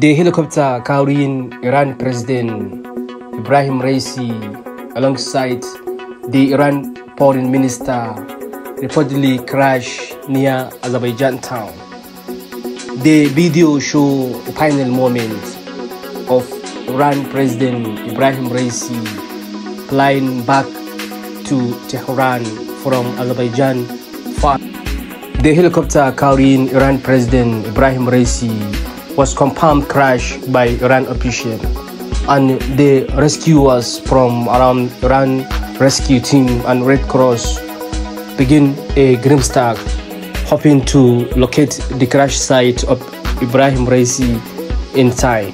The helicopter carrying Iran President Ibrahim Raisi alongside the Iran Foreign Minister reportedly crashed near Azerbaijan town. The video shows the final moment of Iran President Ibrahim Raisi flying back to Tehran from Azerbaijan. The helicopter carrying Iran President Ibrahim Raisi was compound crash by Iran official and the rescuers from around Iran rescue team and Red Cross begin a grim start, hoping to locate the crash site of Ibrahim Raisi in time.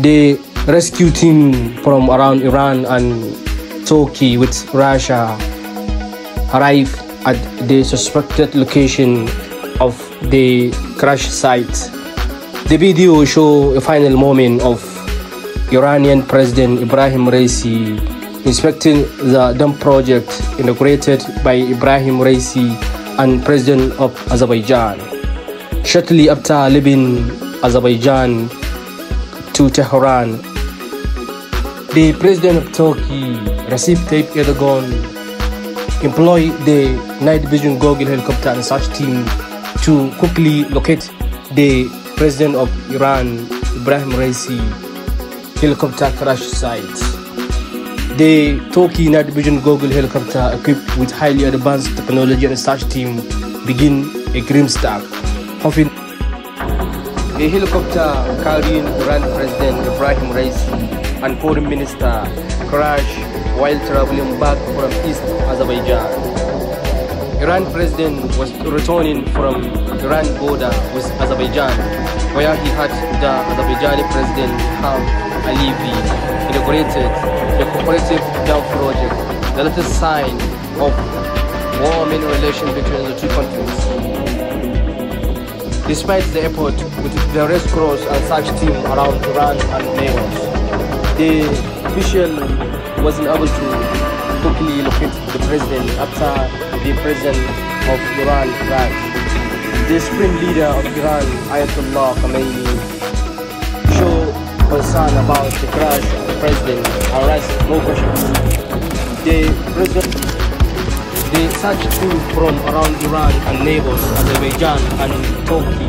The rescue team from around Iran and Turkey with Russia arrived at the suspected location of the crash site the video show a final moment of Iranian President Ibrahim Raisi inspecting the dam project inaugurated by Ibrahim Raisi and President of Azerbaijan. Shortly after leaving Azerbaijan to Tehran, the President of Turkey, Recep Tayyip Erdogan, employed the night vision goggles helicopter and search team to quickly locate the President of Iran, Ibrahim Raisi, helicopter crash site. The Turkey Night Vision Google helicopter equipped with highly advanced technology and search team begin a grim start, hoping a helicopter carrying Iran President Ibrahim Raisi and Foreign Minister Karaj, while traveling back from East Azerbaijan. Iran president was returning from Iran border with Azerbaijan, where he had the Azerbaijani president Ham Aliyev inaugurated the cooperative dam project, the latest sign of warming relations between the two countries. Despite the effort with the Red Cross and such team around Iran and neighbors, the mission wasn't able to quickly located the president after the president of Iran crashed. The supreme leader of Iran, Ayatollah Khomeini, showed concern about the crash of the president and raised no questions. The president they searched food from around Iran and neighbors, Azerbaijan and Turkey,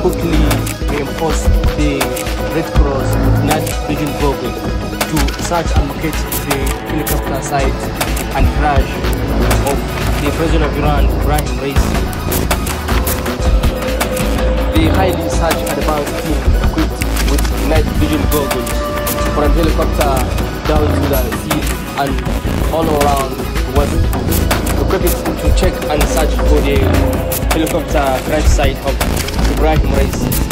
quickly reinforced the Red Cross United Nations and locate the helicopter site and crash of the President of Iran, Ibrahim Raisi. The highly such advanced team equipped with night vision goggles for a helicopter down to the sea and all around was equipped to check and search for the helicopter crash site of Ibrahim Raisi.